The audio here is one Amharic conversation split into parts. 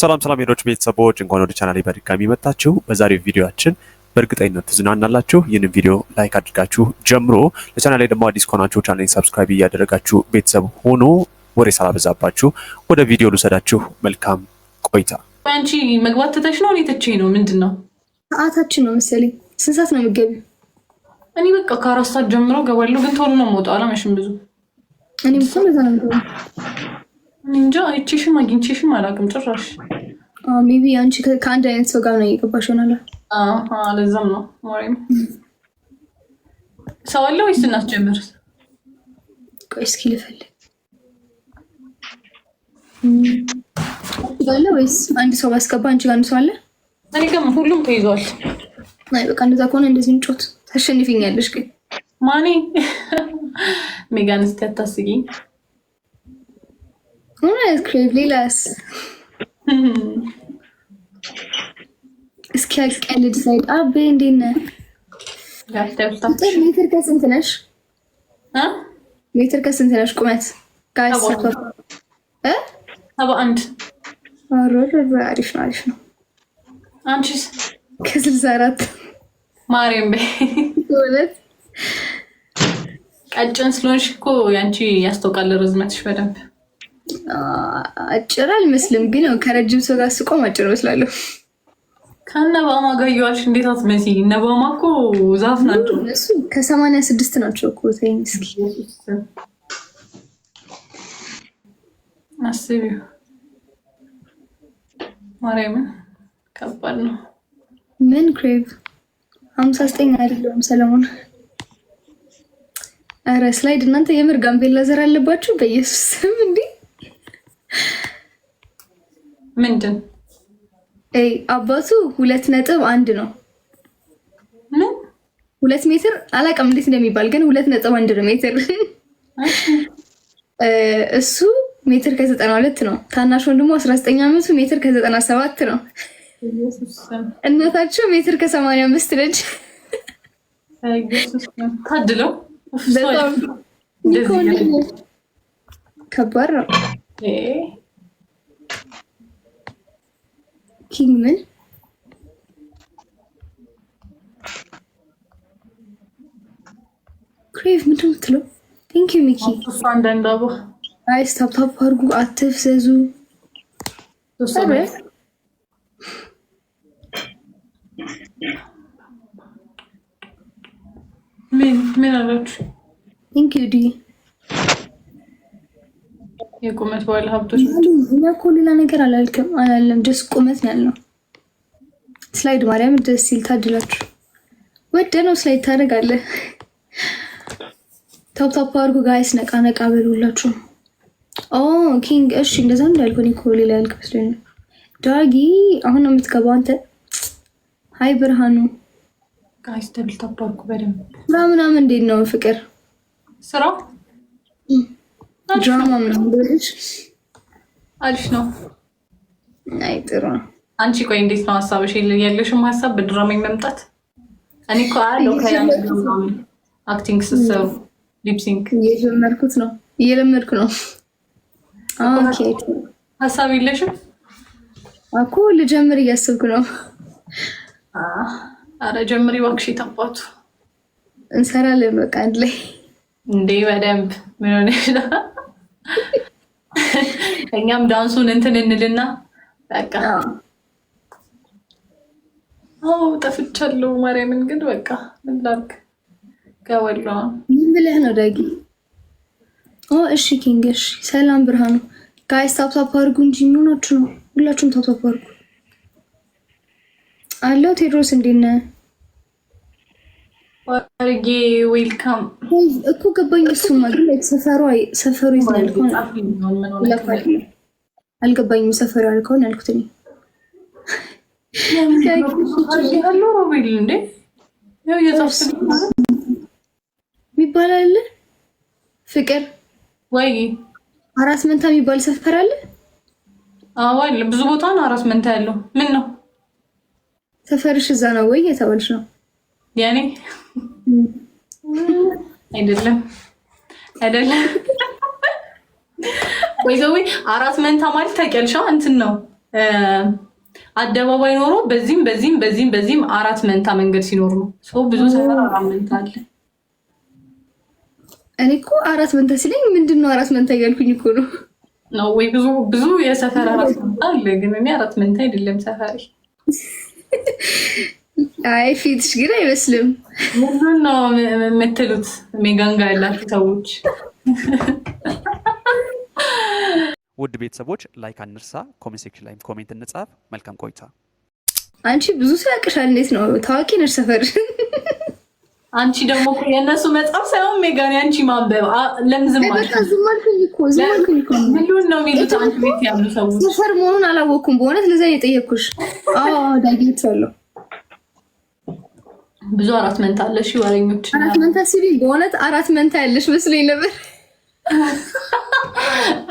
ሰላም ሰላም ሄዶች ቤተሰቦች እንኳን ወደ ቻናሌ በድጋሚ መጣችሁ። በዛሬው ቪዲዮአችን በእርግጠኝነት ትዝናናላችሁ። ይህንን ቪዲዮ ላይክ አድርጋችሁ ጀምሮ ለቻናሌ ደግሞ አዲስ ከሆናችሁ ቻናሌን ሰብስክራይብ እያደረጋችሁ ቤተሰብ ሆኖ ወሬ ሳላበዛባችሁ ወደ ቪዲዮ ልውሰዳችሁ። መልካም ቆይታ። አንቺ መግባት ትተሽ ነው? እኔ ትቼ ነው? ምንድን ነው ሰዓታችን ነው መሰለኝ። ስንት ሰዓት ነው የምትገቢው? እኔ በቃ ከአራት ሰዓት ጀምሮ ገባለሁ፣ ግን ቶሎ ነው የምወጣው። አላመሽም ብዙ እኔ እኮ ነው እንጃ አይቼሽም አግኝቼሽም አላውቅም ጭራሽ። ሜቢ አንቺ ከአንድ አይነት ሰው ጋር ነው እየገባሽ ሆናለ። ለዛም ነው ወሬም ሰው አለ ወይስ እናስጀምር? ቆይ እስኪ ልፈልግ። አለ ወይስ አንድ ሰው ባስገባ አንቺ ጋር አንድ ሰው አለ? እኔ ጋር ሁሉም ተይዟል። አይ በቃ እንደዛ ከሆነ እንደዚህ እንጮት ታሸንፊኛለሽ። ግን ማኔ ሜጋን እስኪ አታስጊኝ። ክሬቭሊ ላስ እስኪ ያልቀልድ ሳይድ አቤ እንዴት ነህ? ሜትር ከስንት ነሽ? ሜትር ከስንት ነሽ? ቁመት ሰባ አንድ አሪፍ ነው፣ አሪፍ ነው። አንቺስ? ከስልሳ አራት ማርያም በይ ቀጭን ስለሆንሽ እኮ ያንቺ ያስታውቃል ርዝመትሽ በደንብ አጭር አልመስልም፣ ግን ከረጅም ሰው ጋር ስቆም አጭር እመስላለሁ። ከነባማ ጋር እየዋልሽ እንዴት አትመሲ? እነባማ እኮ ዛፍ ናቸው። እሱ ከሰማንያ ስድስት ናቸው እኮ ተይኝ እስኪ አስቢው። ማርያምን ከባድ ነው። ምን ክሬቭ ሀምሳ ዘጠኝ አይደለሁም ሰለሞን። ኧረ ስላይድ እናንተ የምር ጋምቤላ ዘር አለባችሁ በኢየሱስ ስም እንዴ ምንድን ይ አባቱ ሁለት ነጥብ አንድ ነው። ሁለት ሜትር አላውቅም እንዴት እንደሚባል ግን ሁለት ነጥብ አንድ ነው ሜትር። እሱ ሜትር ከዘጠና ሁለት ነው። ታናሽ ወንድሞ አስራ ዘጠኝ ዓመቱ ሜትር ከዘጠና ሰባት ነው። እናታቸው ሜትር ከሰማንያ አምስት ነች። ታድለው ከባድ ነው። Ve King mi? Crave ምንድን ምትለው? ቴንክ ዩ ሚኪ አንዳንዳቦ ጋይስ ታፕታፕ አድርጉ፣ አትፍዘዙ። ምን ምን አላችሁ? ቴንክ ዩ ዲ የቁመት ባለ ሀብቶች እኛ እኮ ሌላ ነገር አላልክም አላለም። ደስ ቁመት ነው ያልነው። ስላይድ ማርያም ደስ ሲል ታድላችሁ ወደ ነው ስላይድ ታደርጋለህ። ታፕታፕ አድርጉ ጋይስ፣ ነቃ ነቃ በሉላችሁ። ኪንግ እሺ፣ እንደዛ እንዳልኩ እኔ እኮ ሌላ ያልክ መስሎኝ ነው። ዳጊ አሁን ነው የምትገባው አንተ። ሀይ ብርሃኑ ጋይስ፣ ደብል ታፕ አድርጉ በደንብ። ስራ ምናምን እንዴት ነው ፍቅር ስራ ድራማ አሪፍ ነው። አይ ጥሩ ነው። አንቺ ቆይ እንዴት ነው ሀሳብሽ? ያለሽም ሀሳብ በድራማ መምጣት እኔ እኮ አለው አክቲንግ ስትሰሩ ሊፕሲንክ እየለመድኩት ነው እየለመድኩ ነው። ሀሳብ የለሽም እኮ ልጀምር እያስብኩ ነው። አረ ጀምሪ እባክሽ የታባቱ እንሰራለን በቃ አንድ ላይ እንዴ በደንብ ምን ሆነሽ ነው? እኛም ዳንሱን እንትን እንልና በቃ አዎ ጠፍቻለሁ። ማርያምን ግን በቃ ምን ላድርግ? ከወሎ ምን ብለህ ነው ዳጊ? ኦ እሺ፣ ኪንግ እሺ። ሰላም ብርሃኑ። ጋይስ ታፕታፕ አድርጉ እንጂ ምን ሆናችሁ ነው? ሁላችሁም ታፕታፕ አድርጉ አለው። ቴድሮስ እንዴት ነህ? አርጌ ዌልካም እኮ ገባኝ። እሱማ ግን ሰፈሩ ሰፈሩ አልገባኝም። ሰፈሩ ያልከውን ያልኩት የሚባል አለ ፍቅር ወይ አራስ መንታ የሚባል ሰፈር አለ። ብዙ ቦታ ነው አራስ መንታ ያለው። ምን ነው ሰፈርሽ? እዛ ነው ወይ የተባልሽ ነው ያኔ አይደለም አይደለም ወይዘዌ አራት መንታ ማለት ታውቂያለሽ? እንትን ነው አደባባይ ኖሮ በዚህም በዚህም በዚህም በዚህም አራት መንታ መንገድ ሲኖር ነው ሰው ብዙ ሰፈር አራት መንታ አለ። እኔ እኮ አራት መንታ ሲለኝ ምንድን ነው አራት መንታ እያልኩኝ እኮ ነው ነው ወይ ብዙ ብዙ የሰፈር አራት መንታ አለ። ግን እኔ አራት መንታ አይደለም ሰፈሪ አይ ፊትሽ ግን አይመስልም። ምኑን ነው የምትሉት? ሜጋንጋ ያላችሁ ሰዎች ውድ ቤተሰቦች ላይክ አንርሳ፣ ኮሜንት ሴክሽን ላይ ኮሜንት እንጻፍ። መልካም ቆይታ። አንቺ ብዙ ሰው ያቅሻል። እንዴት ነው ታዋቂ ነሽ ሰፈር። አንቺ ደግሞ የእነሱ መጽሐፍ ሳይሆን ሜጋን አንቺ ማንበብ ለምዝም ነው የሚሉት አንቺ ቤት ያሉ ሰዎች ሰፈር መሆኑን አላወቅኩም በእውነት ለዛ የጠየኩሽ ዳጌት አለው ብዙ አራት መንታ አለሽ። ወሬኞች አራት መንታ ሲል በእውነት አራት መንታ ያለሽ መስሎኝ ነበር።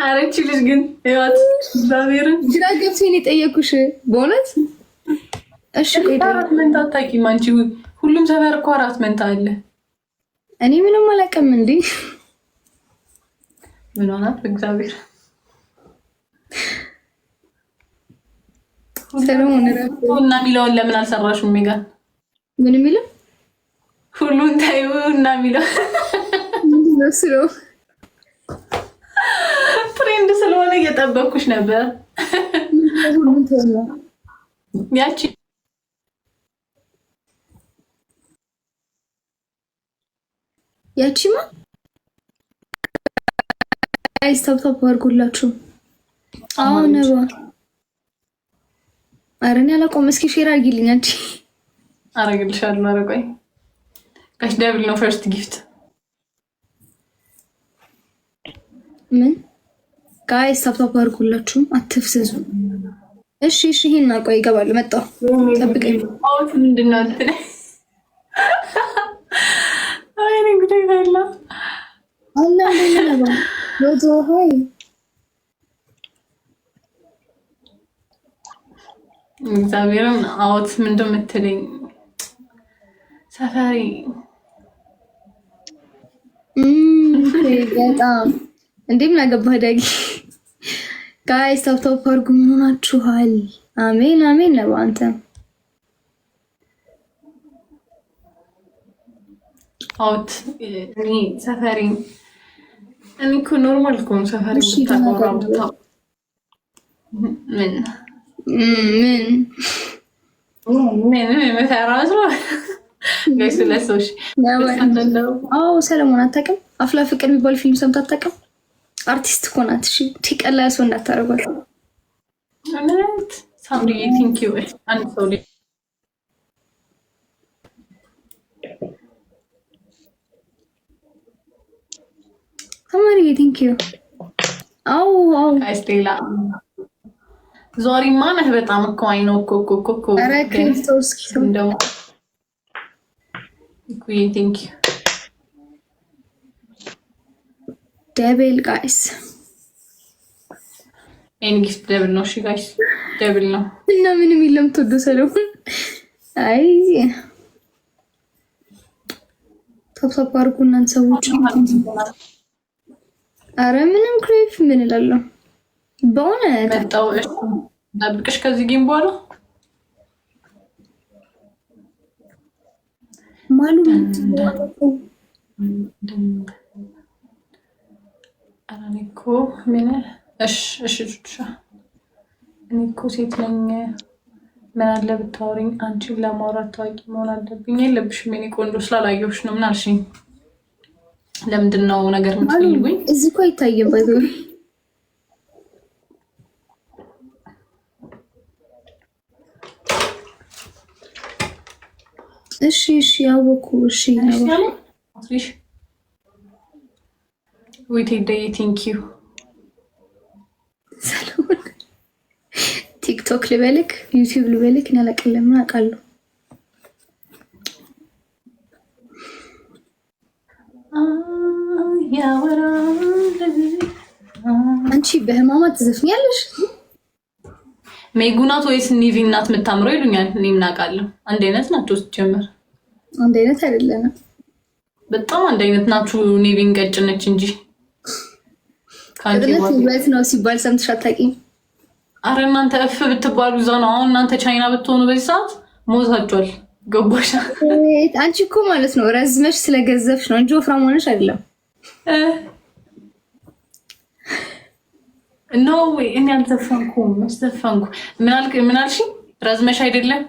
ኧረ ልጅ ግን ህይወት እግዚአብሔርን ግራ ገብቶኝ የጠየኩሽ በእውነት። እሺ አራት መንታ አታውቂም አንቺ? ሁሉም ሰፈር እኮ አራት መንታ አለ። እኔ ምንም አላውቅም። እንዴ ምን ሆናት? እግዚአብሔር ሰለሞን እና የሚለውን ለምን አልሰራሽም? ሜጋ ምን የሚለው ሁሉን ታዩ እና የሚለው ስለው ትሬንድ ስለሆነ እየጠበኩሽ ነበር። ያቺ ያቺማ አይ ስታፕታፕ አድርጎላችሁ አሁን ነባ አረን ያላቆመ እስኪ ሼር አድርጊልኝ አንቺ አረግልሻለሁ። ኧረ ቆይ ጋሽ ደብል ነው ፈርስት ጊፍት ምን ጋይስ ታፕታፕ አድርጉላችሁም አትፍስዙ። እሺ እሺ፣ ይሄን ቆይ እገባለሁ። መጣሁ፣ ጠብቀኝ። አውት ምንድን ነው እንትን አይ ነኝ ጉዳይ ፈላ አላ ለለባ ወዶ ሆይ እግዚአብሔርም አውት ምንድን ነው የምትለኝ ሰፈሪ በጣም እንዴም ላገባህ ደግ ጋይ ታፕታፕ አድርጉ። ምን ሆናችኋል? አሜን አሜን ነው አንተ አውት እኔ ሰፈሪ እኔ እኮ ኖርማል እኮ ነው ምን ምን ምን ምን ነው ሰለሞን አታውቅም? አፍላ ፍቅር የሚባል ፊልም ሰምታ አታውቅም? አርቲስት እኮ ናት። እሺ ቀላ ሰው እንዳታረጓል። ተማሪ ቲንክ ዩ አው አው ስቴላ ዞሪማ ነህ። በጣም እኮ አይነው እኮ እኮ እኮ ኧረ ክርስቶስ ደግሞ ኩዬ ቴንክ ዩ ደብል ጋይስ ይህን ጊፍት ደብል ነው። እሺ ጋይስ ደብል ነው እና ምንም የለም። ትወዱ ሰለሞን አይ ታብታብ አድርጉ እናንተ ሰዎች። አረ ምንም ክሬፍ ምን እላለሁ በእውነት መጣሁ። እሺ ጠብቅሽ ከዚህ ጊም በኋላ ማሉ እኮ ምን እሺ፣ እሺ ሴት ነኝ። ምን አለ ብታወሪኝ? አንቺን ለማውራት ታዋቂ መሆን አለብኝ የለብሽም? የእኔ ቆንጆ ስላላየሁሽ ነው። ምን አልሽኝ? ለምንድን ነው ነገር ምትፈልጉኝ? እዚህ እኮ አይታየበት እሺ እሺ፣ ያወኩ እሺ። ቲክቶክ ልበልክ ዩቲዩብ ልበልክ ያለቀለማ አውቃለሁ። አንቺ በህማማት ትዘፍኛለሽ? ሜጉ ናት ወይስ ኒቪ ናት የምታምረው ይሉኛል። እኔ አንድ አይነት ናቸው። ስትጀምር አንድ አይነት አይደለም። በጣም አንድ አይነት ናችሁ። ኒቪን ቀጭነች እንጂ ለት ነው ሲባል ሰምተሽ አታውቂም? አረ እናንተ እፍ ብትባሉ እዛ ነው። አሁን እናንተ ቻይና ብትሆኑ በዚህ ሰዓት ሞታችኋል። ገባሽ? አንቺ እኮ ማለት ነው ረዝመሽ ስለገዘፍሽ ነው እንጂ ወፍራም ሆነሽ አይደለም። ኖ ወይ እኔ አልዘፈንኩም። ዘፈንኩ ምን አልሽ? ረዝመሽ አይደለም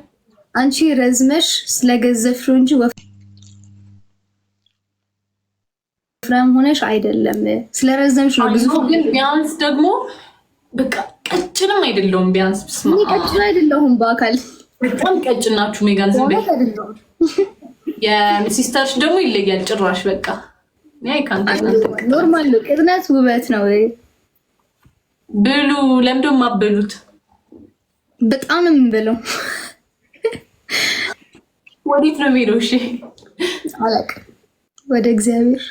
አንቺ ረዝመሽ ስለገዘፍሽው እንጂ ወፍራም ሆነሽ አይደለም። ስለረዘምሽ ነው ብዙ። ግን ቢያንስ ደግሞ በቃ ቀጭንም አይደለሁም። ቢያንስ ብስማ ቀጭን አይደለሁም። በአካል በጣም ቀጭን ናችሁ። ሜጋን ዝም የሲስተርሽ ደግሞ ይለያል ጭራሽ። በቃ ኖርማል ነው። ቅጥነት ውበት ነው። ብሉ። ለምዶ ማበሉት በጣም የምንበለው ወዴት ነው የሚሄደው? እሺ አላውቅም። ወደ እግዚአብሔር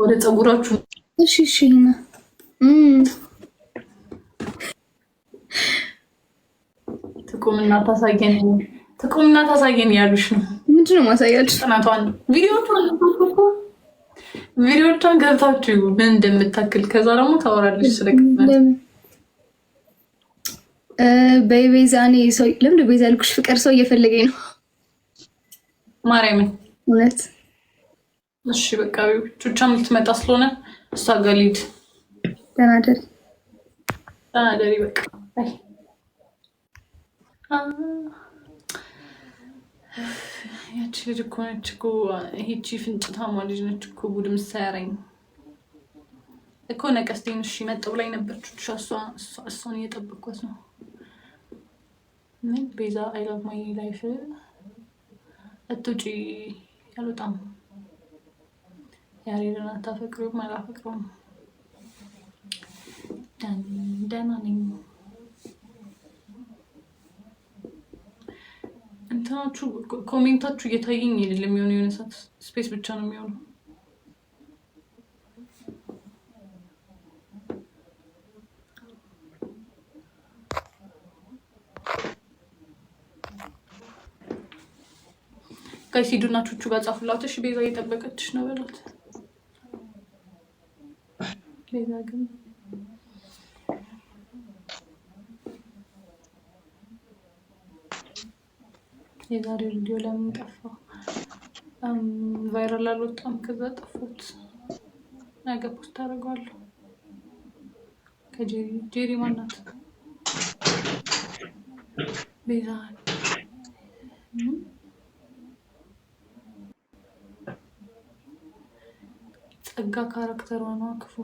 ወደ ፀጉራችሁ። እሺ እሺ። ትቁምና ታሳየን ትቁምና ታሳየን ያሉሽ ነው። ምንድን ነው ማሳያለሽ? ጥናቷን ቪዲዮቹ ቪዲዮቿን ገብታችሁ ምን እንደምታክል ከዛ ደግሞ ታወራለች። ስለቅመል በቤዛ እኔ ሰው ለምንድ ቤዛ ያልኩሽ ፍቅር ሰው እየፈለገኝ ነው ማርያምን እውነት። እሺ በቃ ቹቻ ልትመጣ ስለሆነ እሷ ጋር ልሂድ። ደህና ደሪ ደህና ደሪ በቃ ያቺ ልጅ እኮ ነች እኮ ይቺ ፍንጭታማ ልጅ ነች እኮ ጉድ ምሳያረኝ እኮ ነቀስቴን። እሺ መጥ ብላኝ ነበርች። እሷን እየጠበቅኳት ነው። ምን ቤዛ አይ ላቭ ማይ ላይፍ እትውጪ ያልወጣም ያሬድን አታፈቅሪውም አላፈቅረውም ደህና ነኝ። እንትናቹ ኮሜንታችሁ እየታየኝ አይደለም። የሆነ የሆነ ሰዓት ስፔስ ብቻ ነው የሚሆነው። ከሲዱና ቹቹ ጋር ጻፉላት። እሺ ቤዛ እየጠበቀችሽ ነው በላት። ቤዛ ግን የዛሬው ቪዲዮ ለምን ጠፋ? ቫይራል አልወጣም። ከዛ ጠፉት። ነገ ፖስት አደርገዋለሁ። ከጄሪ ጄሪ ማናት? ቤዛ ጸጋ ካራክተሯ ነዋ ክፉ